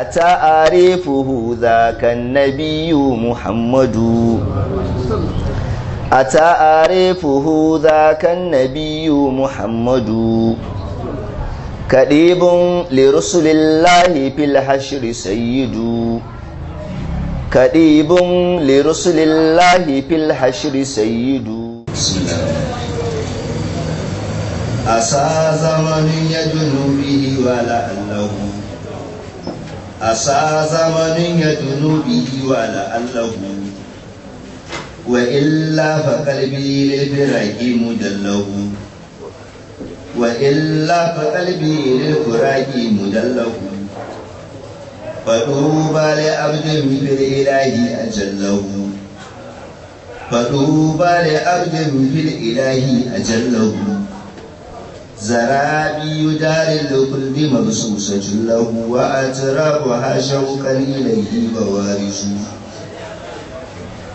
أتعرفه ذاك النبي محمد أتعرفه ذاك النبي محمد كريب لرسل الله في الحشر سيد كريب لرسل الله في الحشر سيد بسم الله أسى زمن يدنو به ولعله asa zamanin ya tuno biyi wa la'allahu wa illa fa kalbi lebe rage mu dallahu wa illa fa kalbi lebe rage mu dallahu fa duba le abdin bil ilahi a jallahu fa duba le abdin bil ilahi a jallahu زرابي يدار قلبي مبسوسة له وأترابها شوقا إليه بوارش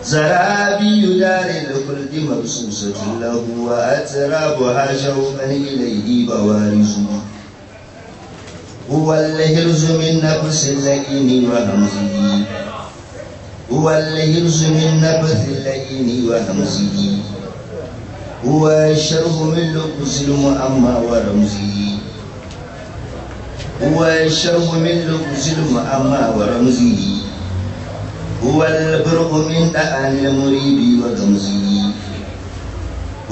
زرابي يدار القلب مبسوسة له وأترابها شوقا إليه بوارش هو الهرز من نفس اللئيم وهمزه هو الهرز من نفس اللئيم وهمزه هو شره من لبس المؤمى ورمزي هو شره من لبس المؤمى ورمزي هو البرق من دعان المريد وغمزي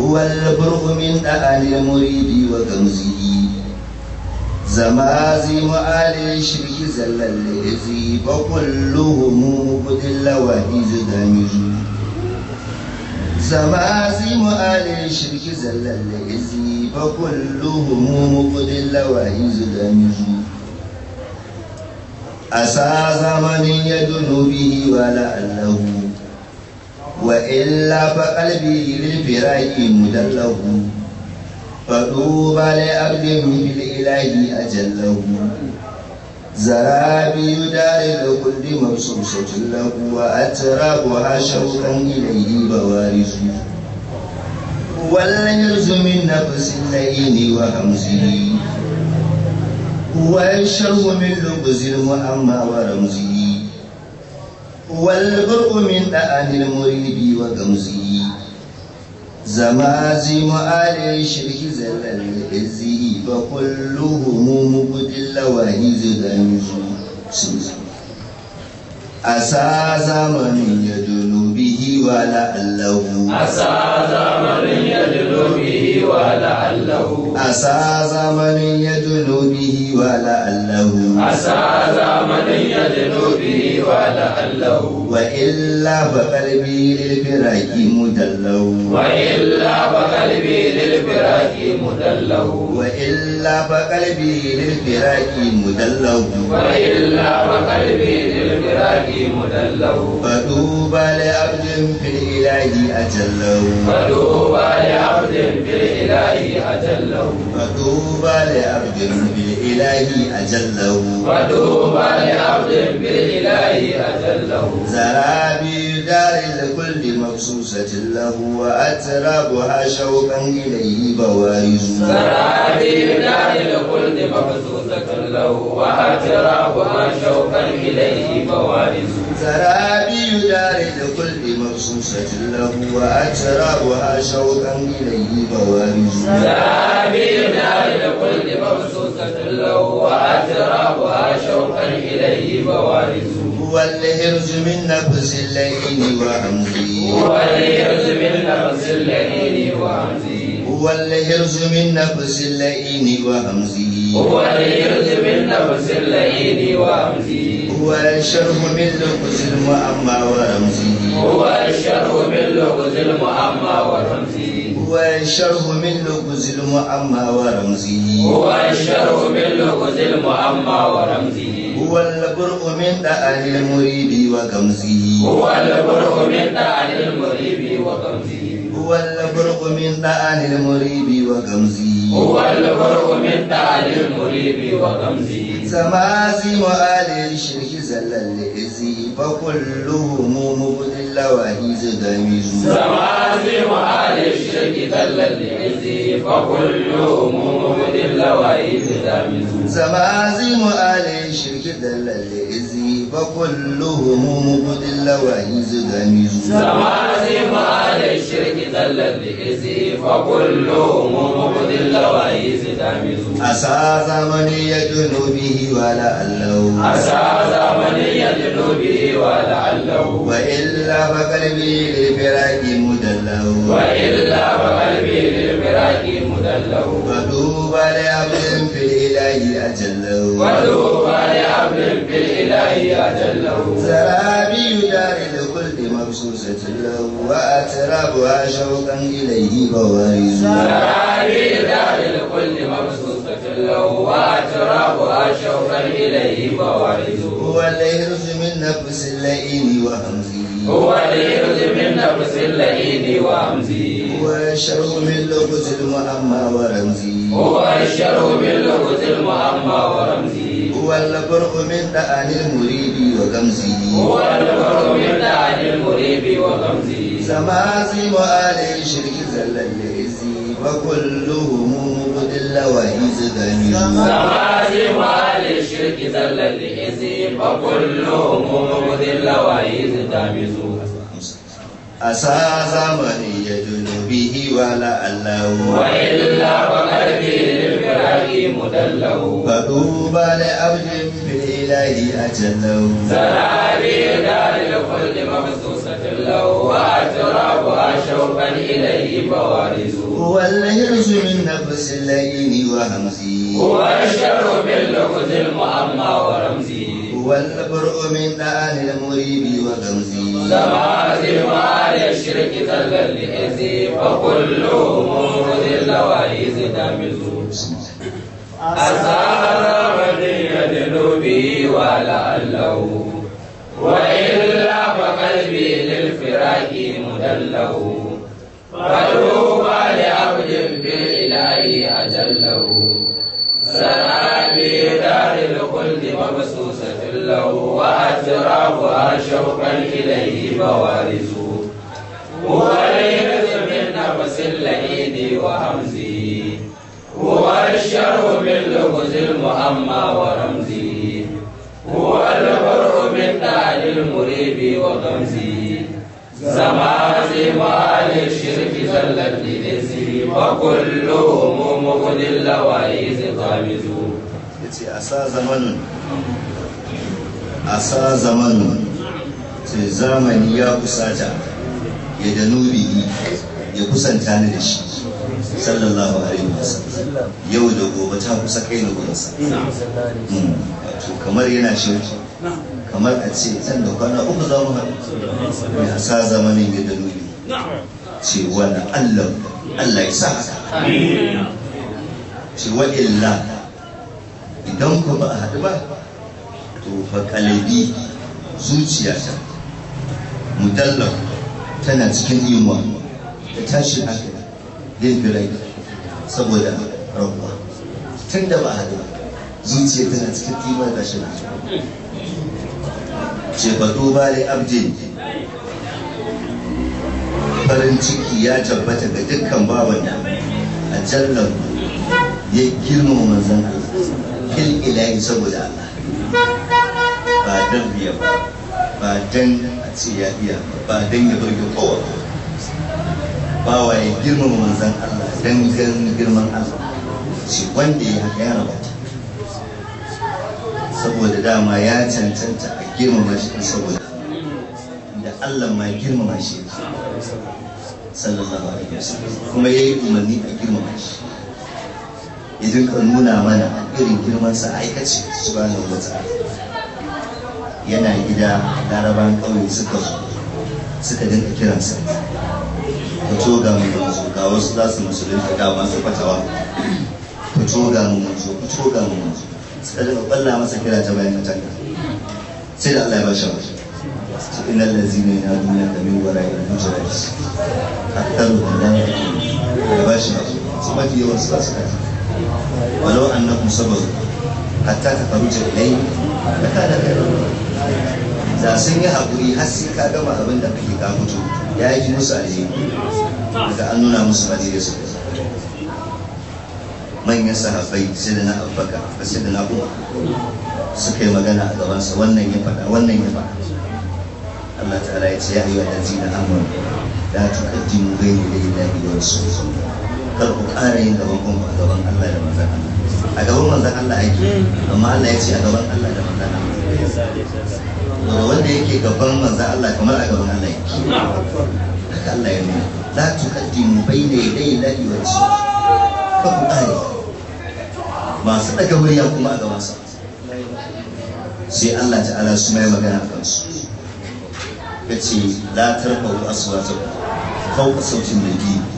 هو البرق من دعان المريد وغمزي زمازي آل شبه زلل إذي وكلهم بدل وهيز دمجي zama zimu ale shirki zallan da izi fa kullu humu mukudin lawayi zudan yuzu a sa zamani ya dunubi wa la'allahu wa illa fa kalbi lil firaki mudallahu fa duba lai abdin bil ilahi ajallahu zarabi yudare da kundi mafi sautin laguwa a tara guha shaukan ilayi ba wari su wallan yarzumin na fasin na ini wa hamziri wa sharhu min lubuzil wa ramzi wal barqu min da'anil muridi wa gamzi zama zi mu'ale shirki zallal izi فكلهم مبدل وهيز وهزدا أسى زمن يدل به ولعله أسى زمن يدل ولعله عسى زمن يدنو به ولعله عسى زمن يدنو به ولعله وإلا بقلبي للفراق مدلو وإلا بقلبي للفراق مدلو وإلا بقلبي للفراق مدلو وإلا بقلبي للفراق مدلو فطوبى في الإله أجله فطوبى لعبد الإله أجله فطوبى لعبد الإله أجله فطوبى لعبد الإله أجله زرابي دار الكل مبسوسة له وأترابها شوقا إليه بوارز زرابي دار لكل مبسوسة له وهجره وشوقا إليه فوارس سرابي دارد كل مبسوسة له وأجره شوقا إليه فوارس سرابي دارد كل مبسوسة له وأجره شوقا إليه فوارس هو الهرز من نفس الليل وعمزي هو الهرز من نفس الليل وعمزي هو الهرز من نفس الليل وعمزي هو اليوز من نفس الليل وامزي هو الشرف من لغز المؤمى ورمزي هو الشرف من لغز المؤمى ورمزي هو الشرف من لغز المؤمى ورمزي هو الشرف من لغز المؤمى ورمزي هو البرء من دعاء المريب وغمزه هو البرء من دعاء المريب وغمزه هو البرق من دعان المريب وغمزي هو البرق من دعان المريب وغمزي سمازي وآل الشرك زلل لإزي فكلهم مبدل وهيز دميز سمازي وآل الشرك زلل لإزي فكلهم مبدل وهيز دميز سمازي وآل الشرك زل الإزي فكله وعيز ويزدمج سمازم على الشرك ذلت بإزه فكله مبدل ويزدمج أسى زمنية نوبه ولعله أسى زمنية نوبه ولعله وإلا فقلبي للفراق مدله وإلا فقلبي للفراق مدله وطوبى لعبد في الإله أجله وطوبى لعبد في الإله أجله سرابي دار الخلد مبسوسة له وأترابها شوقا إليه بوارز سرابي دار الخلد مبسوسة له وأترابها شوقا إليه بوارز هو الإرز من نفس اللئيم وهمزه هو الإرز من نفس اللئيم وهمزه هو الشرح باللغز المؤمى ورمزي هو باللغز المؤمى ورمزي هو البرء من دعان المريب وغمزي هو البرء من دعان المريب وغمزي سمازي وآل شرك زل يهزي وكلهم مبدل وهيز ذمي سمازي وآل شرك زل يهزي وكلهم مبدل وهيز ذمي أسى زمني يدن به ولعله وإلا وقلبي للفراق مدله فطوبى لأبد بالإله أجله سرابي دار الخلد ممسوسة له وأترابها شوقا إليه بوارزه هو الهرج من نفس الليل وهمزي هو الشر باللغز المعمى ورمزي والبرء من أهل المريب وغمزي سبعة وعلى الشرك تلقى الإذي وكل أمور ذي اللوائز تمز أسار من يدل ولعله وإلا فقلبي للفراق مدله فلوبى لعبد بالإله أجله سلام في دار الخلد مبسوسة له وأترابها شوقا إليه موارثه هو اليأس من نفس اللئيم وهمزه هو الشر من لغز المهمى ورمزه هو الحر من دار المريب وغمزه زمان مال الشرك زلت لنسه وكلهم مخذ اللوائح ya ce a sa zamanin a sa zamanin ce zamani ya kusata ya da nubi ya kusanta ni da shi sallallahu alaihi wasallam yau da gobe ta kusa kai na gurinsa hmm. to kamar yana shirki kamar a ce zan da kwana uku za mu haɗu ya sa zamanin ya da nubi ce wani allah allah ya sa haka ce wa illa idan ku ba a haɗu ba to fa kalabi ta mutalla tana cikin yunwa da tashin hankali fi birai saboda rabuwa tun da ba a haɗu ba zuciya tana cikin kima da shi na ce faɗo ba da abdin farin ciki ya tabbata ga dukkan bawan da a jallar ya girma manzan yayi saboda Allah ba don biya ba ba don a ce ya biya ba don ya burge kowa ba waye girmama manzan Allah dan girman Allah shi wanda ya haka ya rabata saboda dama ya cancanta a girmama shi saboda da Allah ma girmama shi sallallahu alaihi wasallam kuma yayi umarni a girmama shi Idan ka nuna mana irin girman sa aikaci subhanahu wata yana gida laraban ƙauye suka zo suka dinka kiransa fito ga mu manzo ga wasu za su musulunta ga masu fatawa fito ga mu ka fito ga mu manzo suka dinka balla masa kira ta bayan katanga sai da Allah ya ba shi wasu إن الذين da من وراء الحجرات أكثرهم su يعلمون yawan su ما su يوم walau annakum sabaru hatta ta faru jallai da ka da da sun yi haƙuri har sai ka gama abin da kake ka fito ya yi musu aljihu daga an nuna musu aljihu su manyan sahabbai sai da na abbaka da sai da na umar suka yi magana a gabansa wannan ya faɗa wannan ya faɗa Allah ta'ala ya ce ya yi wa ɗanzi da amur da tukaddimu gairi da ilahi wa rasulullah kar ku ƙara yin gaban kun a gaban Allah da manzon Allah a gaban manzon Allah ake amma Allah ya ce a gaban Allah da manzon Allah wanda yake gaban manzon Allah kamar a gaban Allah yake haka Allah ya nuna la tuqaddimu bayna yaday Allahi wa rasuli ka ku ƙare masu daga murya kuma a gaban sa sai Allah ta'ala su mai magana a kansu ya ce la tarfa'u aswatakum fawqa sautin nabi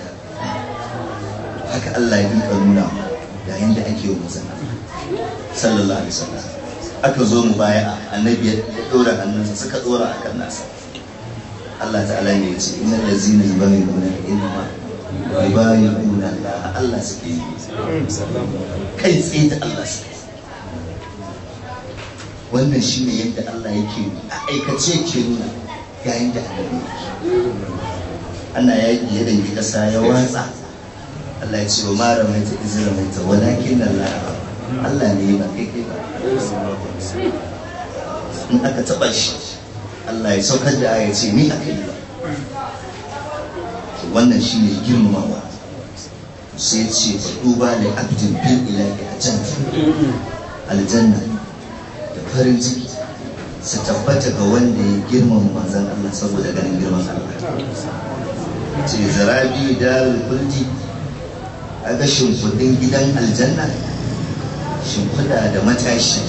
haka Allah ya duka nuna da yadda ake yi mazan sallallahu alaihi wasallam aka zo mu baya annabi ya dora hannunsa suka dora kan nasa Allah ta'ala ne ya ce inna allazina yubayyinuna ilma yubayyinuna Allah Allah suke yi kai tsaye da Allah suke wannan shine yadda Allah yake a aikace ke nuna ga yadda annabi yake Allah ya yi da ƙasa ya watsa Allah ya ce wa mara mai ta izira mai ta walakin nan la'ara Allah ne ba kai kai ba in aka taba shi Allah ya saukar da ya ce ni aka yi ba wannan shi ne girmamawa sai ce fa duba da abdin bin ilahi a can aljanna da farin ciki su tabbata ga wanda ya girmama manzan Allah saboda ganin girman Allah ce zarabi da kulti ga shimfiɗin gidan aljanna shimfiɗa da matashi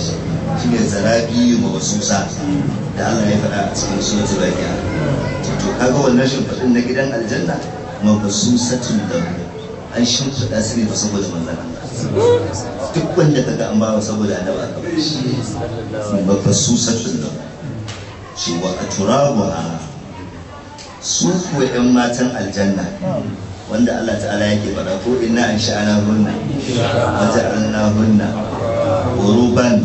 shine zarabi ma wasu sa da Allah ya faɗa a cikin suratul baqiya to kaga wannan shimfiɗin na gidan aljanna ma mabasusatun da an shimfiɗa su ne ba saboda manzon Allah duk wanda kaga an bawa saboda annabi aka bar shi mabasusatun da shi wa aturabuha su ko 'yan matan aljanna wanda Allah ta'ala yake fara ko inna an sha'ana hunna wa ja'alna hunna uruban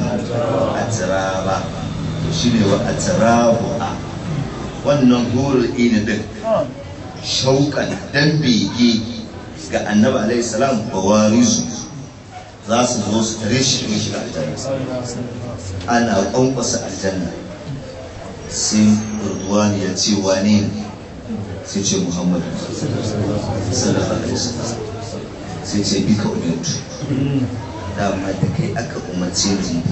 atraba to shine wa atrabu a wannan hurul ini da shauƙan dan bege ga annabi alaihi salam bawarizu za su zo su tare shi in shi aljanna ana ƙwanƙwasa aljanna sai urduwani ya ce wane ne sai ce muhammad sallallahu alaihi wasallam sai ce bi ka umartu dama da kai aka umarce ni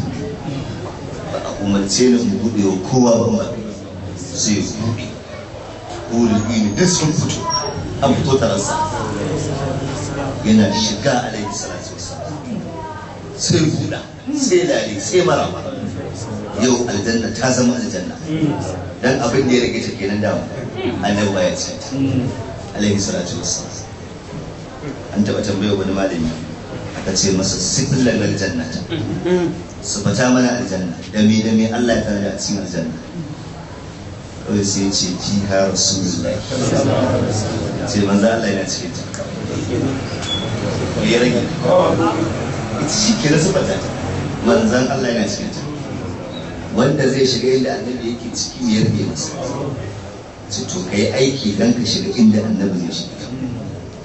ba a umarce ni mu buɗe wa kowa ba sai buɗe ƙoli ne da sun fito an fito taransa yana shiga alaihi salatu sai buɗa sai lare sai marama. yau aljanna ta zama aljanna dan abin da ya rage ta kenan dama annabi ba ya ce alaihi salatu wassalam an taɓa tambayar wani malami aka ce masa sifillar aljanna ta su fata mana aljanna da me da me Allah ya tare da cikin aljanna kawai sai ce fi ha rasulullahi ce manzo Allah yana cikin ta ya rage ita shi ke nasu fata manzan Allah yana cikin ta wanda zai shiga inda annabi yake ciki ya rage masa su to ka yi aiki don ka shiga inda annabin ya shiga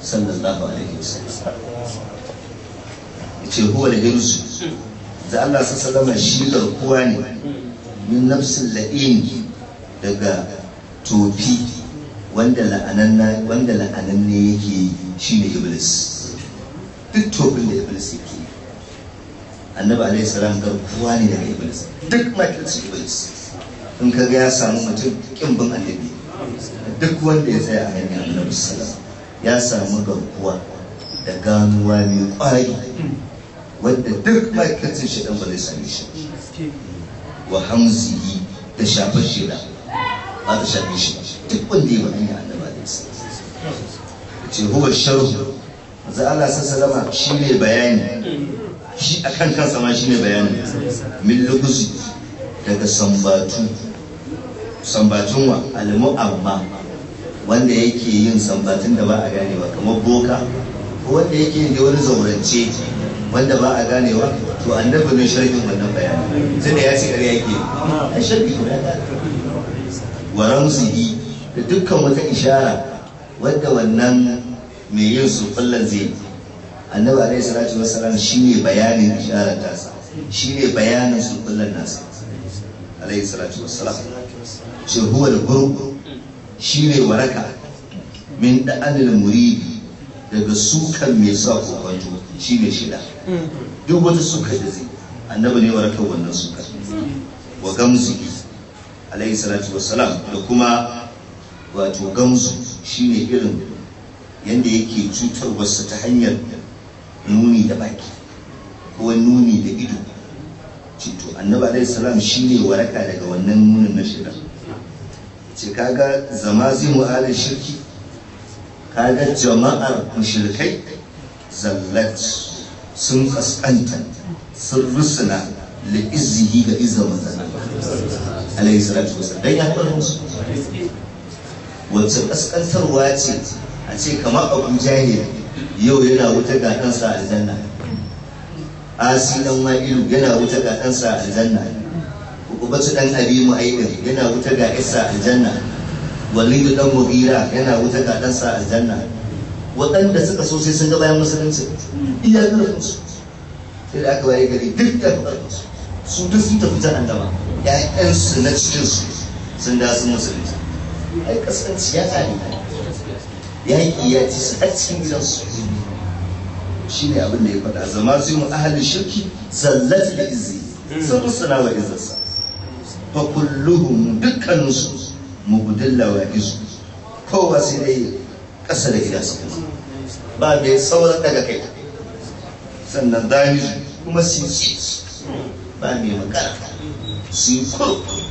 sallallahu alaihi wasallam ce huwa da hirzu da Allah sa salama shi garkuwa ne min nafsin la'in daga tofi wanda la'ananne wanda yake shi ne iblis duk tofin da iblis yake annabi salama salam garkuwa ne daga iblis duk makilci iblis in ka ga ya samu mutum kin bin annabi duk wanda ya tsaya a hanyar annabi sallallahu ya samu garkuwa da ganuwa mai kwari wanda duk ma'aikacin shi dan ba zai same shi wa hamzihi da shafar shi da ba ta shafe shi duk wanda ya wani annabi alaihi sallallahu ce huwa sharhu manzo Allah salama shi ne bayani shi akan kansa ma shi ne bayani min luguzi daga sambatu Sambatun wa abba wanda yake yin sambatun da ba a ganewa kamar boka ko wanda yake yin da wani zaurance wanda ba a ganewa to annabi ne sharhin wannan bayani da ya ce kare yake a sharhi guda da wa ramzihi da dukkan wata ishara wadda wannan mai yin su kullun zai annabi alaihi salatu wassalam shine bayanin isharar tasa shine bayanin su kullun nasa alaihi salatu wassalam ce huwa al shi ne waraka min da'anil muridi daga sukan mai sa shi ne shida duk wata suka da zai annabi ne warakar wannan suka wa gamzu alayhi salatu wassalam da kuma wato gamzu ne irin yadda yake cutarwarsa ta hanyar nuni da baki ko nuni da ido cito annabi alayhi salam shi ne waraka daga wannan nunin na shida ce kaga zama zimu alin shirki kaga jama'ar mushrikai zallat sun kaskanta sun rusuna izini ga izza manzan alaihi salatu wasu dan ya faru musu wacce kaskantarwa ce a ce kamar abu jahil yau yana wuta ga kansa aljanna asi dan wa'ilu yana wuta ga kansa aljanna uba su dan abi mu'aymin yana wuta ga isa aljanna walidu dan mugira yana wuta ga sa aljanna waɗanda suka so sai sun ga bayan musulunci iya ƙarfinsu sai da aka waye gari duk da su duk sun tafi jan andama ƴaƴansu na cikinsu sun da su musulunci ai kasance ya tsari yaƙi ya ci su a cikin gidansu shi ne abin da ya faɗa zama su yi mu ahalin shirki zallatu da izi sun rusuna wa izinsa fa kulluhum dukkaninsu mugudilla wa isu kowa sai dai ƙasa da gida su ba mai sauran daga kai sannan zamizu kuma su ba mai makara su yi kurkuru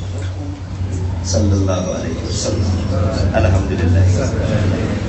sallallahu alaihi wasallam alhamdulillah